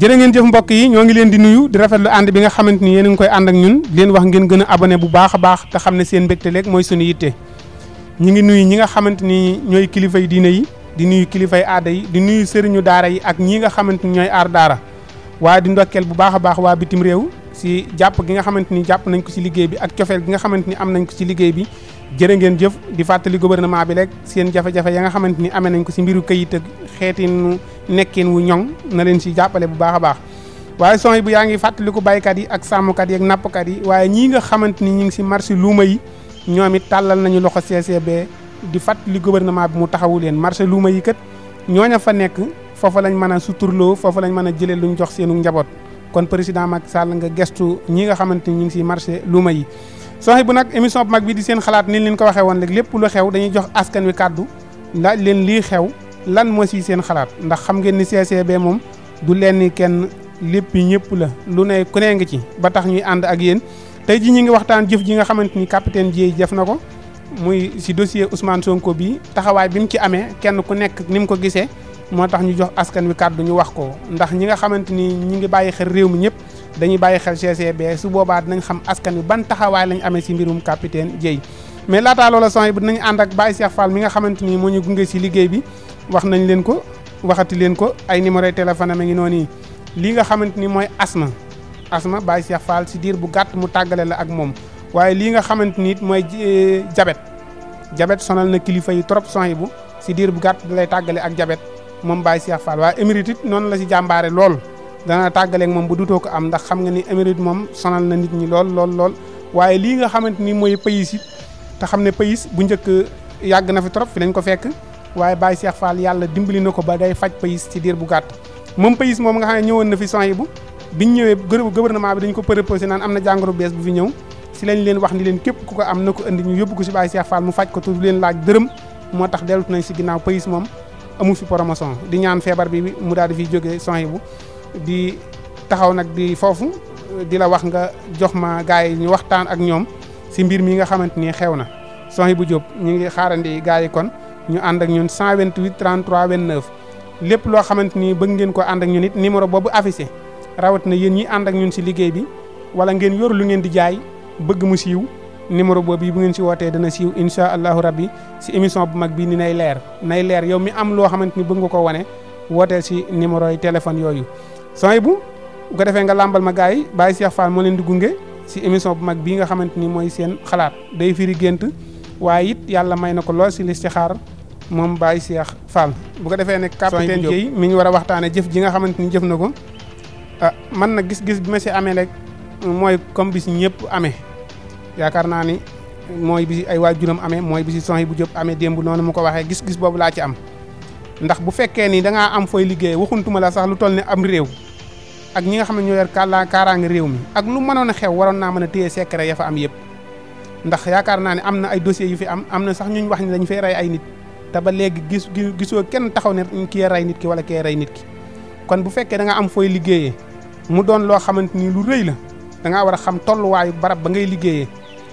jërë ngeen jëf mbokk yi ñoo ngi leen di nuyu di rafet rafetlu ànd bi nga xamante ni yéen a ngi koy ànd ak ñun di leen wax ngeen gën a bu baax a baax te xam ne seen mbégte leeg mooy suñu yitte ñu ngi nuyu ñi nga xamante ni ñooy kilifay diine yi di nuyu kilifay aada yi di nuyu sëriñu daara yi ak ñi nga xamante ni ñooy aar daara waaye di ndokkeel bu baax a baax waa bitim réew si jàpp gi nga xamante ni jàpp nañ ko si liggéey bi ak cofeel gi nga xamante ni am nañ ko si liggéey bi jërë ngeen jëf di fàttali gouvernement bi rek seen jafe-jafe ya nga xamante ni amee nañ ko si mbiru kayit ak xeetinu nekkin wu ñoŋ na leen si jàppale bu baax a baax waaye son bu yaa ngi fàttaliku baykat yi ak sàmmkat yi ak nappkat yi waaye ñii nga xamante ni ñu ngi si marché luuma yi ñoom it tàllal nañu loxo CCB di fàttali gouvernement bi mu taxawu leen marché luuma yi kat ñooña fa nekk foofa lañ mën a suturloo foofa lañ mën a jëlee luñ jox seenu njaboot kon président Macky Sall nga gestu ñii nga xamante ni ñu ngi si marché luuma yi soxna bu nag émission bu mag bi di seen xalaat ni leen ko waxee woon léegi lépp lu xew dañuy jox askan wi kàddu laaj leen lii xew lan moo si seen xalaat ndax xam ngeen ni CCB moom du leen kenn lépp ñëpp la lu ne ku ne nga ci ba tax ñuy ànd ak yéen tey ji ñi ngi waxtaan jëf ji nga xamante ni capitaine Dièye jëf na ko muy si dossier Ousmane Sonko bi taxawaay bi mu ci amee kenn ku nekk ni mu ko gisee moo tax ñu jox askan wi kàddu ñu wax ko ndax ñi nga xamante ni ñi ngi bàyyi xel réew mi ñëpp dañuy bàyyi xel GCB su boobaa dinañ xam askan wi ban taxawaay lañu amee si mbirum capitaine Dieye mais laataa loola son yi bu dinañ ànd ak Baye Cheikh Fall mi nga xamante ni moo ñu gunge si liggéey bi wax nañ leen ko waxati leen ko ay numéro téléphone am ngi noon yi lii nga xamante ni mooy asma asma Baye Cheikh Fall si diir bu gàtt mu tàggale la ak moom waaye lii nga xamante ni it mooy eh, jabet jabet sonal na kilifa yi trop son yi bu si diir bu gàtt lay tàggale ak jabet moom Baye Cheikh Fall waaye émérite noonu la si jàmbaare lool dana tàggaleeg moom bu dutoo ko am ndax xam nga ni Amérique moom sonal na nit ñi lool lool lool waaye lii nga xamante ni mooy pays it te xam ne pays bu njëkk yàgg na fi torop fi lañ ko fekk waaye Baye Cheikh faal yàlla dimbali na ko ba day faj pays ci diir bu gàtt moom pays moom nga xam ne ñëwoon na fi son yi bu biñ ñëwee gouvernement bi dañ ko proposé naan am na jàngoro bees bu fi ñëw si lañ leen wax ni leen képp ku ko am na ko indi ñu yóbbu ko si Baye Cheikh Fall mu faj ko tu leen laaj dërëm moo tax dellut nañ si ginnaaw pays moom amu fi promotion di ñaan feebar bi mu daal di fiy jógee son bu di taxaw nag di foofu di la wax nga jox ma gars yi ñu waxtaan ak ñoom si mbir mi nga xamante ni xew na soxna bu Diop ñu ngi xaarandi gars yi kon ñu ànd ak ñun 128 33 29. lépp loo xamante ni bëgg ngeen ko ànd ak ñun it numéro boobu affiché rawatina yéen ñi ànd ak ñun si liggéey bi wala ngeen yor lu ngeen di jaay bëgg mu siiw. numéro boobu yi bu ngeen si wootee dana siiw incha allahu rabbi si émission bu mag bii ni nay leer nay leer yow mi am loo xamante ni bëgg nga ko wane wooteel si numéro yi téléphone yooyu sooy bu bu ko defee nga làmbal ma gars yi Baye Cheikh Fall moo leen di gunge si émission bu mag bii nga xamante ni mooy seen xalaat day firi gént waaye it yàlla may na ko lool si listixaar moom Baye Cheikh Fall. bu ko defee nag capitaine Dieye mi ngi war a waxtaanee jëf ji nga xamante ni jëf na ko ah man na gis-gis bi ma si amee rek mooy comme bis ñëpp amee yaakaar naa ni mooy bi ay waajuram amee mooy bi si soxna bu jóg amee démb noonu mu ko waxee gis-gis boobu laa ci am. ndax bu fekkee ni da ngaa am fooy liggéey waxuntuma la sax lu toll ni am réew ak ñi nga xam ne ñoo yor réew mi ak lu mënoon xew waroon naa mën a téye secret ya fa am yëpp ndax yaakaar naa ne am na ay dossiers yu fi am am na sax ñuñ wax ñi dañu fay rey ay nit te ba léegi gis gisoo kenn taxaw ne ki rey nit ki wala kii rey nit ki kon bu fekkee da nga am fooy liggéeyee mu doon loo xamante ni lu rëy la da war a xam tolluwaayu barab ba ngay liggéeyee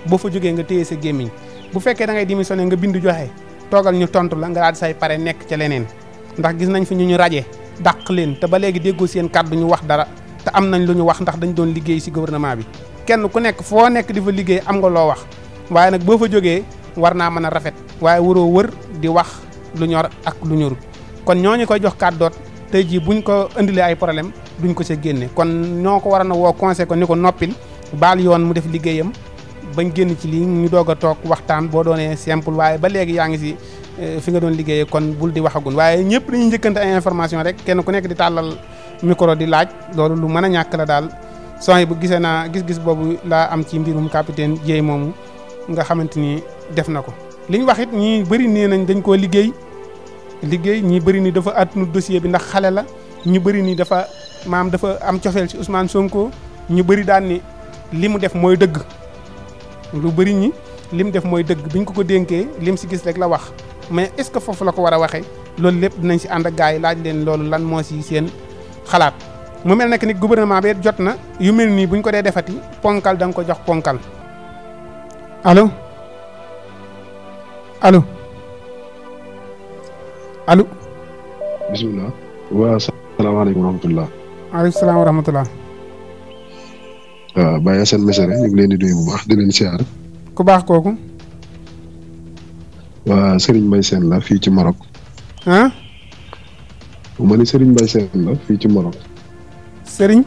boo fa jógee nga téye sa gémmiñ bu fekkee da ngay démissionné nga bind joxe toogal ñu tontu la nga daal di say pare nekk ca leneen ndax gis nañ fi ñu ñu raje daq leen te ba léegi déggoo seen kàddu ñu wax dara te am nañ lu ñu wax ndax dañu doon liggéey ci gouvernement bi kenn ku nekk foo nekk di fa liggéey am nga loo wax waaye nag boo fa jógee war naa mën a rafet waaye waroo wër di wax lu ñor ak lu ñorut kon ñoo ñu koy jox kàddoot tey jii buñ ko indilee ay problème duñ ko ca génne kon ñoo ko waroon a woo conseil ko ni ko noppil baal yoon mu def liggéeyam bañ génn ci lii ñu doog a toog waxtaan boo doonee simple waaye ba léegi yaa ngi si eh, fi nga doon liggéeyee kon bul di waxagun waaye ñëpp dañuy njëkkante ay information rek kenn ku nekk di tàllal micro di laaj loolu lu mën a ñàkk la daal sony bu gisee naa gis-gis boobu laa am ci mbirum capitaine Dieye moomu nga xamante ni def na ko li ñu wax it ñii bëri nee nañ dañ koo liggéey liggéey ñii bëri nii dafa àttunu dossier bi ndax xale la ñu bëri nii dafa maam dafa am cofeel ci Ousmane Sonko ñu bëri daan ni li mu def mooy dëgg lu bëri ñi lim def mooy dëgg biñ ko ko dénkee lim si gis rek la wax mais est-ce que foofu la ko war a waxee loolu lépp dinañ si ànd ak gars yi laaj leen loolu lan moo si seen xalaat. mu mel nekk ni gouvernement bi jot na yu mel nii buñ ko dee defati ponkal da ko jox ponkal allo allo allo. bisimilah. waa salaamaaleykum wa rahmatulah. waaw Baye Assane Mesere ñu leen di nuyu bu baax di leen siyaar. ku baax kooku. waa Serigne Mbaye Sène la fii ci Maroc. ah. sëriñ ni Serigne fii ci Maroc. Serigne.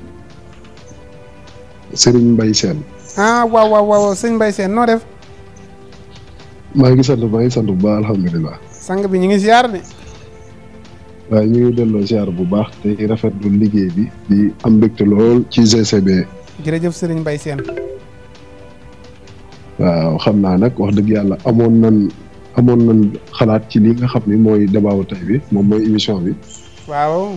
Serigne Mbaye Sène. ah waaw waaw waaw sëñ Mbaye Sène noo def. maa ngi sant maa ngi sant bu baax alhamdulilah. sang bi ñu ngi siyaar de. waaye ñu ngi delloo siyaar bu baax te rafetlu liggéey bi di am mbégte lool ci GCB. jërëjëf sëriñ mbay Sène waaw xam naa nag wax dëgg yàlla amoon nan amoon xalaat ci li nga xam ni mooy débat tey bi moom mooy émission bi waaw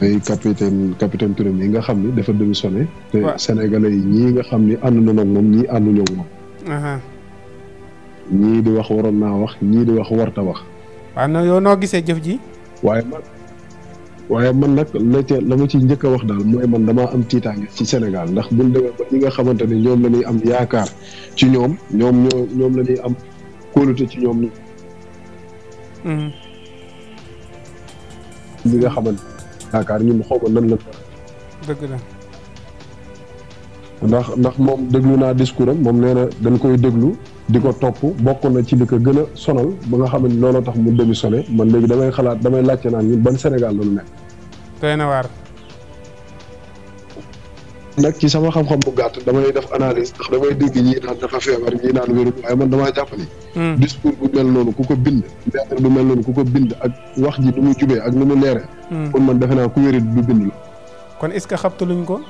mooy capitaine capitaine Touré yi nga xam ni dafa démissionné te sénégalais yi ñii nga xam ni ànd na nag moom ñii ànduñu ak moom ñii di wax waroon naa wax ñii di wax warta wax waaw noo gisee jëf ji waaye waaye man nag la ca la ma ci njëkk a wax daal mooy man damaa am tiitaange ci senegal ndax buñ demee ba nga xamante ne ñoom la ñuy am yaakaar ci ñoom ñoom ñoo ñoom la ñuy am kóolute ci ñoom. Hmm. ñi nga xamante yaakaar ñun xaw ma nan la. dëgg la. ndax ndax moom déglu naa discours am moom nee na dañ koy déglu di ko topp bokk na ci li ko gën a sonal ba nga xam ne looloo tax mu démissionné man léegi damay xalaat damay laajte naan ñun ban Sénégal la ñu nekk. doy na waar. nag ci sama xam-xam bu gàtt damay def analise ndax damay dégg ñii naan dafa feebar ñii naan wérul waaye man damaa jàpp ni. Hmm. discours bu mel noonu ku mel noonu ku ko bind ak wax ji nu mu jubee ak nu mu leere hmm. man defe naa ku wérit du bind la. kon est-ce que xabtaluñ ko.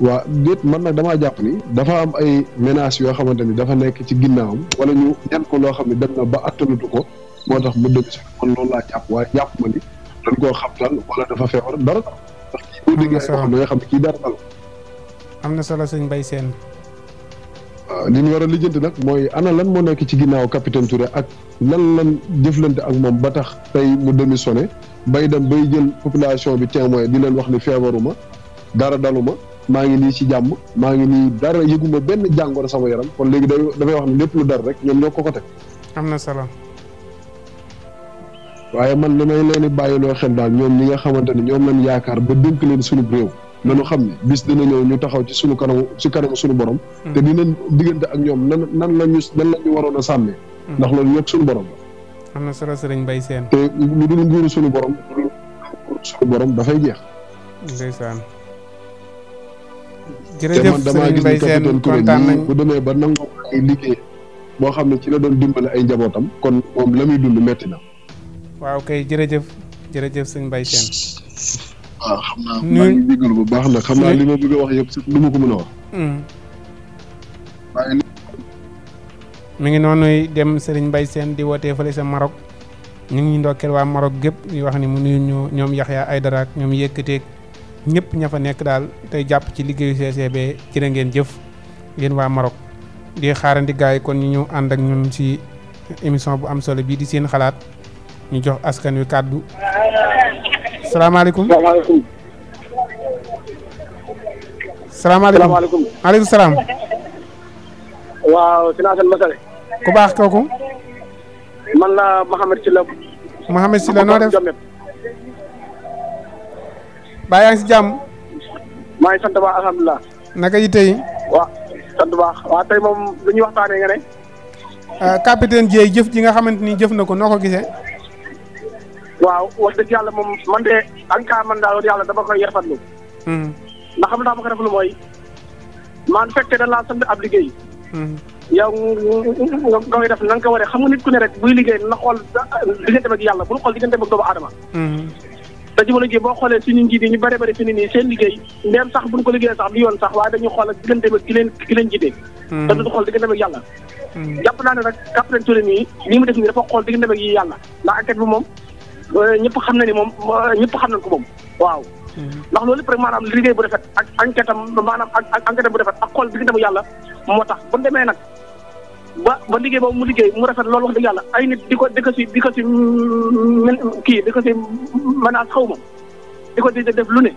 waa déet man nag damaa jàpp dafa am ay menaces yoo xamante ni dafa nekk ci ginnaawam wala ñu ñan ko loo xam ne dem na ba attanutu ko moo tax mu dëgg si man loolu laa jàpp waaye jàpp ma ni. dañ koo xabtal wala dafa feebar dara dara nga xam ne kii dara dara na solo sëñ Mbaye Sène li ñu war a lijjanti nag mooy ana lan moo nekk ci ginnaaw capitaine ture ak lan lan jëflante ak moom ba tax tey mu démissionné bay dem bay jël population bi témoin di leen wax ni feebaruma dara daluma maa ngi nii ci jàmm maa ngi nii dara yëguma benn jàngoro sama yaram kon léegi day dafay wax ne lépp lu dar rek ñoom ñoo ko ko teg am na solo waaye man li may leen di bàyyiloo xel daal ñoom ñi nga xamante ne ñoom lañ yaakaar ba dénk leen sunu réew nanu xam ne bis dina ñëw ñu taxaw ci sunu kanamu ci kanamu sunu borom. Hmm. te dinañ diggante ak ñoom nan nan la ñu nan la waroon a sàmmee. Hmm. ndax loolu ñëpp sunu borom la. na solo sëriñ Mbaye Sène. te lu dul nguuru sunu borom lu dul nguuru sunu borom dafay jeex. ndeysaan. jërëjëf sëriñ Mbaye Sène kontaan nañ bu demee ba nangoo ay liggéey boo xam ne ci la doon dimbale ay njabootam kon moom la muy dund metti na. waaw kay jërëjëf jërëjëf sëñ Mbaye Sène. waaw ah, xam naa ngi jégalu li yëpp lu ma ko hmm. ngi noonu dem Serigne mbay seen di wootee fële sa Maroc ñu ngi ndokkeel waa Maroc gépp di wax ni mu nuyu ñu ñoom Yaxya dara ak ñoom yëkkateeg ñëpp ña fa nekk daal tey jàpp ci liggéeyu CCB jërë ngeen jëf ngeen waa Maroc. di xaarandi gars yi kon ñu ñëw ànd ak ñun ci émission bu am solo bii di seen xalaat. ñu jox askan wi kàddu salaamaaleykum salaamaaleykum salaamaaleykum salaam waaw si naa seen masale ku baax kooku man la Mouhamed Sylla Mouhamed Sylla noo def baa si jàmm maa sant baax alhamdulilah naka yi tey waaw sant baax waaw tey moom lu waxtaanee nga ne euh, capitaine jëf ji nga xamante ni jëf na ko noo ko gisee waaw wax dëgg yàlla moom man de en cas man daal yàlla dama koy rafetlu. Hmm. ndax xam naa ma ko rafetlu mooy man fekkee da laa sant ab liggéey. Hmm. yow nga koy def na nga ko waree xam nga nit ku ne rek buy liggéey na xool diggante ak yàlla bul xool diggante ak doomu aadama. Hmm. te jubal boo xoolee suñu njiit yi ñu bare bare fi seen liggéey ndéem sax buñ ko liggéeyee sax du yoon sax waaye xool ak diggante ba ki leen ki leen jiite. te duñ xool yàlla. jàpp naa ne nag capitaine Touré nii li mu def nii dafa xool diggante ak yi yàlla ndax enquête bi moom Euh, ñëpp xam na ni moom euh, ñëpp xam nañ ko moom waaw. ndax loolu lépp rek maanaam liggéey bu rafet ak enquête am maanaam ak enquête bu defet ak xool bi nga dem yàlla moo tax bu demee nag ba ba liggéey boobu mu liggéey mu rafet loolu wax dëgg yàlla ay nit di ko di ko si di ko si mm, mm, kii di ko si menace xaw ma di ko di def lu ne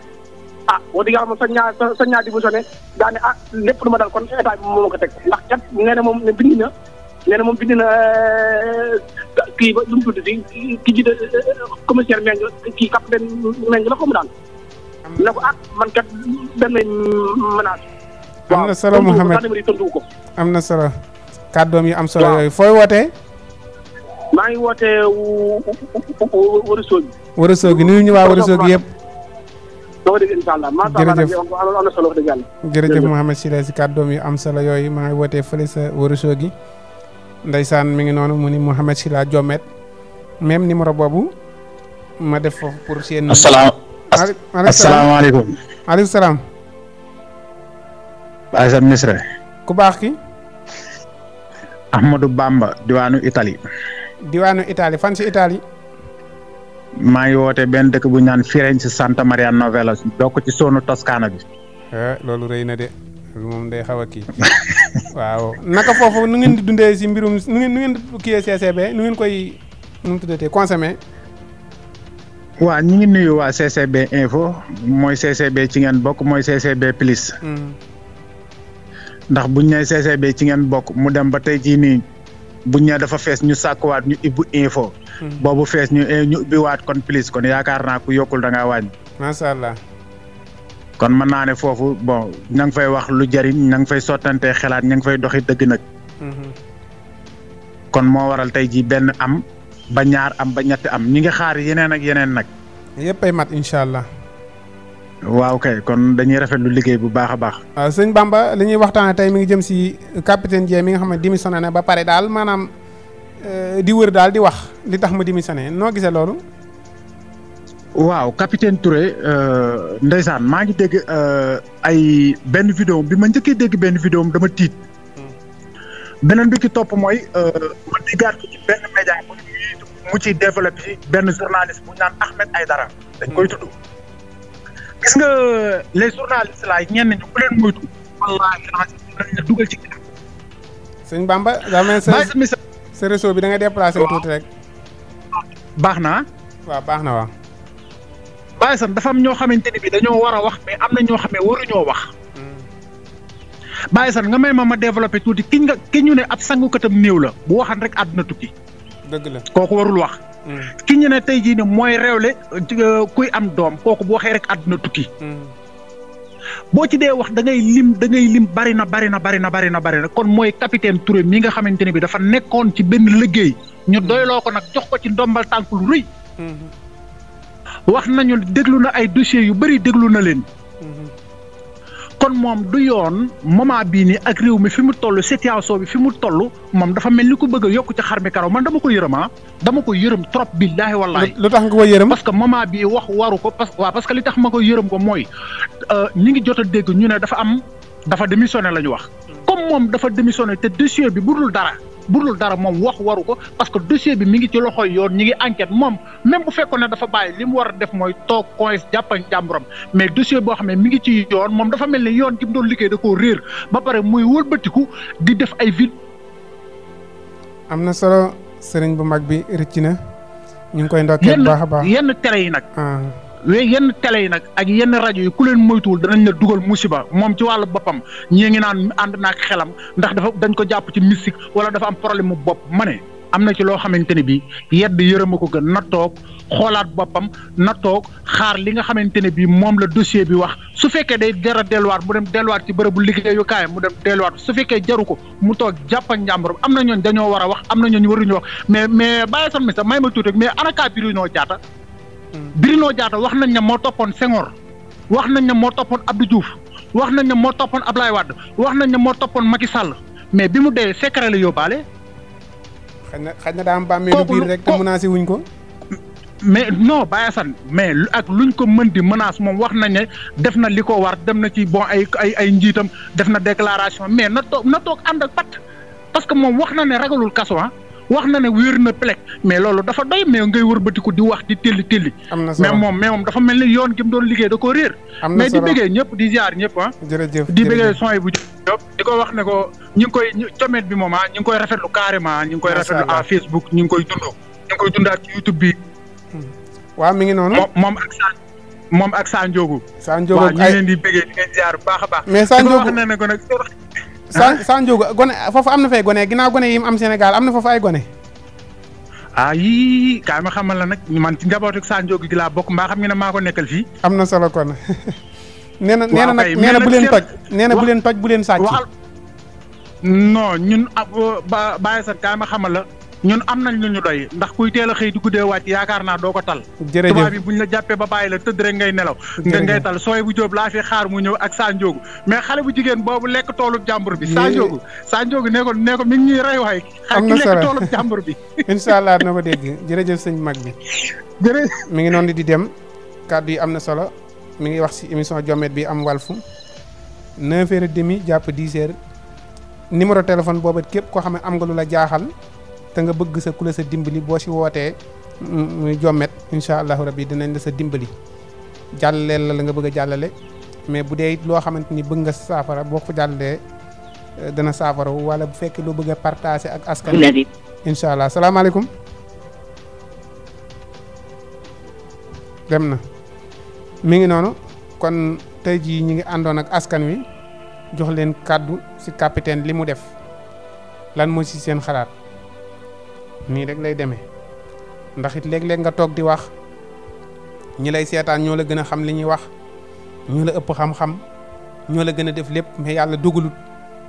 ah wax dëgg yàlla moom sa ñaar sa ñaar di bu sonné daa ne ah lépp lu ma dal kon état bi moo ko teg ndax kat nee ne moom ne bind na. nee moom bind na euh, kii ba lu mu tudd si ki jiite euh, commissaire la ko mu daal. na ko ah man kat benn menace. am na solo Mouhamed waaw am na kàddoom yu am solo yooyu fooy wootee. maa ngi wootee Ourossogui. Ourossogui nuyu ñu waa Ourossogui yëpp. jërëjëf jërëjëf Mouhamed Sylla si kàddoom yi am solo yooyu maa ngi wootee fële sa Ourossogui gi ndeysaan mi ngi noonu mu ni Mouhamed Sylla Jomet même numéro boobu ma def foofu pour seen. asalaamaaleykum maaleykum salaam. Baye Sam Misre. ku baax ki. Ahmadou bàmba diwaanu itali diwaanu itali fan si itali maa ngi woote benn dëkk bu ñaan Firenze Santa Maria Novella bokk ci soonu Toscana bi. Eh, loolu rëy na de. moom day xaw a kii waaw naka foofu nu ngeen di dundee si mbirum nu ngeen nu ngeen di nu ngeen koy nu mu tuddatee consommé. waaw ñu ngi nuyu waa CCB info mooy CCB ci ngeen bokk mooy CCB plus. Hmm. ndax buñ ne CCB ci ngeen bokk mu dem ba tey jii nii buñ ne dafa fees ñu sàkkuwaat ñu ibbu info. Hmm. boobu fees ñu ñu ubbiwaat kon plus kon yaakaar naa ku yokkul da ngaa kon mën naa ne foofu bon ña ngi fay wax lu jariñ ña ngi fay sottante xalaat ña ngi fay doxi dëgg nag. Mm-hmm. kon moo waral tey jii benn am ba ñaar am ba ñetti am ñi ngi xaar yeneen ak yeneen nag. yëpp ay mat incha allah. waaw kay kon dañuy rafetlu liggéey bu baax a baax. Ah, sëñ Bamba li ñuy waxtaanee tey mi ngi jëm si capitaine Dieng mi nga xam ne démissionné na ba pare daal maanaam euh, di wër daal di wax li tax ma mu démissionné noo gisee loolu. waaw capitaine Touré euh, ndeysaan maa ngi dégg euh, ay benn vidéo bi ma njëkkee dégg benn vidéo dama tiit hmm. beneen bi ki topp mooy euh, ma ci benn benn journaliste bu ñu naan Ahmed Aydara dañ koy hmm. tudd gis nga les journalistes laay ñenn ñu ku leen moytu wallaahi lañ la dugal ci sëñ bi da nga déplacé tuuti rek baax na waaw baax na waaw Baye San dafa am ñoo xamante ni bi dañoo war a wax mais am na ñoo xam ne waruñoo wax. Baye San nga may ma ma développé tuuti ki nga ki ñu ne ab sangukatam néew la bu waxan rek àdduna tukki. dëgg la kooku warul wax. Mm. ki ñu ne tey jii nii mooy réewle euh, kuy am doom kooku bu waxee rek àdduna tukki. Mm. boo ci dee wax dangay lim da lim bari na bari na bari na bari na bari na kon mooy capitaine Touré mi nga xamante ne bi dafa nekkoon ci benn liggéey. ñu mm. doyloo ko nag jox ko ci ndombal tànk lu wax nañu déglu na ay dossiers yu bëri déglu na leen. kon moom du yoon moment bii nii ak réew mi fi mu toll situation bi fi mu toll moom dafa mel ni ku bëgg yokk ci xar mi karaw man dama ko yërëm ah dama ko yërëm trop billaahi wallaahi. lu tax nga ko yërëm. parce que moment bii wax waru ko parce waaw parce que li tax ma ko yërëm ko mooy euh, ñi ngi jot a dégg ñu ne dafa am dafa démissionné la ñu wax. Mm. comme moom dafa démissionné te dossier bi budul dara. bu dul dara moom wax waru ko parce que dossier bi mi ngi ci loxo yoon ñi ngi enquête moom même bu fekkoon ne dafa bàyyi li mu war a def mooy toog coins jàppañ jàmburam mais dossier boo xam ne mi ngi ci yoon moom dafa mel ne yoon gi mu doon liggéey da koo réer ba pare muy wëlbatiku di def ay vid am na solo sëriñ bu mag bi rëcc na ñu ngi koy ndokkee baax a baax yenn tere yi nag ah. mais yenn télé yi nag ak yenn rajo yi ku leen moytuwul danañ la dugal musiba moom ci wàllu boppam ñii ngi naan ànd naag xelam ndax dafa dañ ko jàpp ci mystique wala dafa am problème mu bopp ma ne am na ci loo xamante ne bii yedd yërëma ko gën na toog xoolaat boppam na toog xaar li nga xamante ne bii moom la dossier bi wax su fekkee day jar delluwaat mu dem delluwaat ci bërëbu liggéeyukaayam mu dem delluwaat su fekkee jaru ko mu toog jàpp ak am na ñooñ dañoo war a wax am na ñooñ waruñu wax mais mais bàyyi son mi may ma tuuti mais ana kaa bi jaata Bruno Diatta wax nañ ne moo toppoon Senghor wax nañ ne moo toppoon Abdou Diouf wax nañ ne moo toppoon Abdoulaye Wade wax nañ ne moo toppoon Macky Sall mais bi mu dee secret la yóbbaale. xëy na xëy na daa am bàmmeelu biir wuñ ko. mais no Baye Assane mais ak luñ ko mën di menace moom wax nañ ne def na li ko war dem na ci bon ay ay njiitam def na déclaration mais na toog na toog ànd ak pat parce que moom wax na ne ragalul kaso ah. wax na ne wiir na plec mais loolu dafa doy mais ngay wërbatiku di wax di telli telli mais moom mais moom dafa mel ni yoon gi mu doon liggéey da ko réer mais di bëggee ñëpp di ziar ñëpp ah di bëggee sony bu di ko wax ne ko ñu ngi koy comet bi moom ah ñu ngi koy rafetlu carrément ñu ngi koy rafetlu à Facebook ñu ngi koy dundoo ñu ngi koy dundaat ci YouTube bi hmm. waaw mi ngi noonu moom ak Sa moom ak Sa Ndiogou Sa Ndiogou leen di bëggee di leen ziar baax a baax mais Sa Ndiogou wax na ne ko nag sa ah. sa Ndiogo gone foofu am na fay gone ginnaaw gone yi mu am Sénégal am na foofu ay gone. ah yii kaay ma xamal la nag man ci njabootu ak Sa Ndiogo gi bokk mbaa xam nga ne maa ko nekkal fii. am na solo kon nee na nee na nag na bu leen toj nee na bu leen toj bu leen sàcc. non ñun ab ba bàyyi sa kaay ma xamal la. ñun am nañ lu ñu doy ndax kuy teel a xëy di guddee wàcc yaakaar naa doo ko tal tubaab bi buñ la jàppee ba bàyyi la tëdd rek ngay nelaw nga ngay tal sooy bu jóob laa fi xaar mu ñëw ak saa mais xale bu jigéen boobu lekk toolub jàmbur bi saa njóogu saa ne ko ne ko mi ngi ñuy rey waay xaar ki lekk toolub jàmbur bi incha allah na ko mag bi jërëjëf mi ngi noonu di dem kàddu yi am na solo mi ngi wax si émission jomet bi am Walf neuf heures et demi jàpp dix heures numéro téléphone boobu képp koo xam ne am nga lu la jaaxal te nga bëgg sa ku sa dimbali boo si wootee mm, muy jommet incha allahu rabbi dinañ la sa dimbali jàllaleel la la nga bëgg a jàllale mais bu dee it loo xamante ni bëgg nga saafara boo ko jàllalee eh, dana saafara wala bu fekkee loo bëgg partaase ak askan wi incha allah salaamaaleykum dem na mi ngi noonu kon tey jii ñu ngi àndoon ak askan wi jox leen kàddu si capitaine li mu def lan moo si seen xalaat nii rek lay demee ndax it léeg-léeg nga toog di wax ñi lay seetaan ñoo la gën a xam li ñuy wax ñoo la ëpp xam-xam ñoo la gën a def lépp mais yàlla dugalut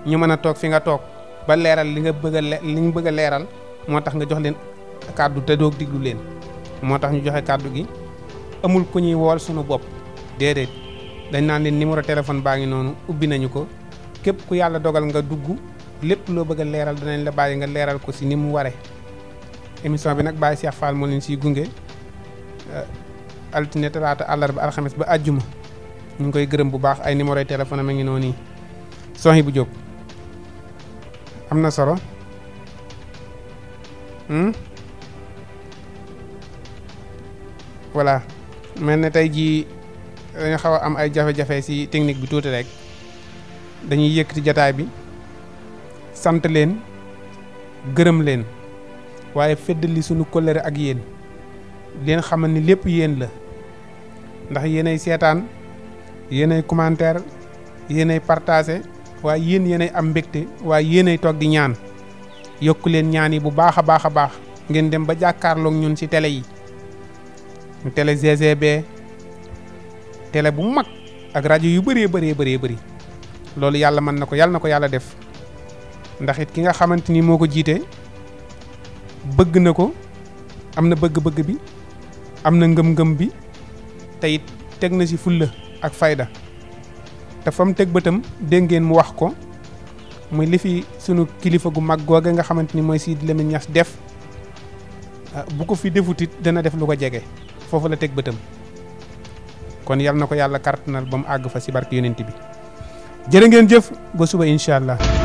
ñu mën a toog fi nga toog ba leeral li nga bëgg a li ñu bëgg a leeral moo tax nga jox leen kàddu te doog diglu leen moo tax ñu joxe kàddu gi amul ku ñuy wool sunu bopp déedéet dañ naan leen numéro téléphone baa ngi noonu ubbi nañu ko képp ku yàlla dogal nga dugg lépp loo bëgg leeral danañ la bàyyi nga leeral ko si ni mu waree émission bi nag Baye Cheikh Fall moo leen siy gunge euh, altine talaata àllarba alxames ba àjjuma ñu ngi koy gërëm bu baax ay numéro téléphone am a ngi noonu soxi bu jóg am na solo hmm? voilà mel na tey jii dañu xaw a am ay jafe-jafe si technique bi tuuti rek dañuy yëkkati jataay bi sant leen gërëm leen waaye feddali sunu kóllëre ak yéen leen xamal ni lépp yéen la ndax yéenay seetaan yéenay commentaire yéenay partagé waaye yéen yéenay am mbégte waaye yéenay toog di ñaan yokku leen ñaan bu baax a baax a baax ngeen dem ba jàkkaarloog ñun ci tele yi télé GGB tele bu mag ak rajo yu bëree bëree bëree bëri loolu yàlla mën na ko yàlla na ko yàlla def ndax it ki nga xamante ni moo ko jiite bëgg na ko am na bëgg-bëgg bi am na ngëm-ngëm bi tey teg na ci fulla ak fayda te fa mu teg bëtam dégg ngeen mu wax ko muy li fi sunu kilifa gu mag googe nga xamante ni mooy Sidi Lamine Niass def ah, bu ko fi defutit dana def lu ko jege foofu la teg bëtam kon yal na ko yàlla kart kartanal ba mu àgg fa ci barke yonent bi jërë ngeen jëf ba suba incha allah.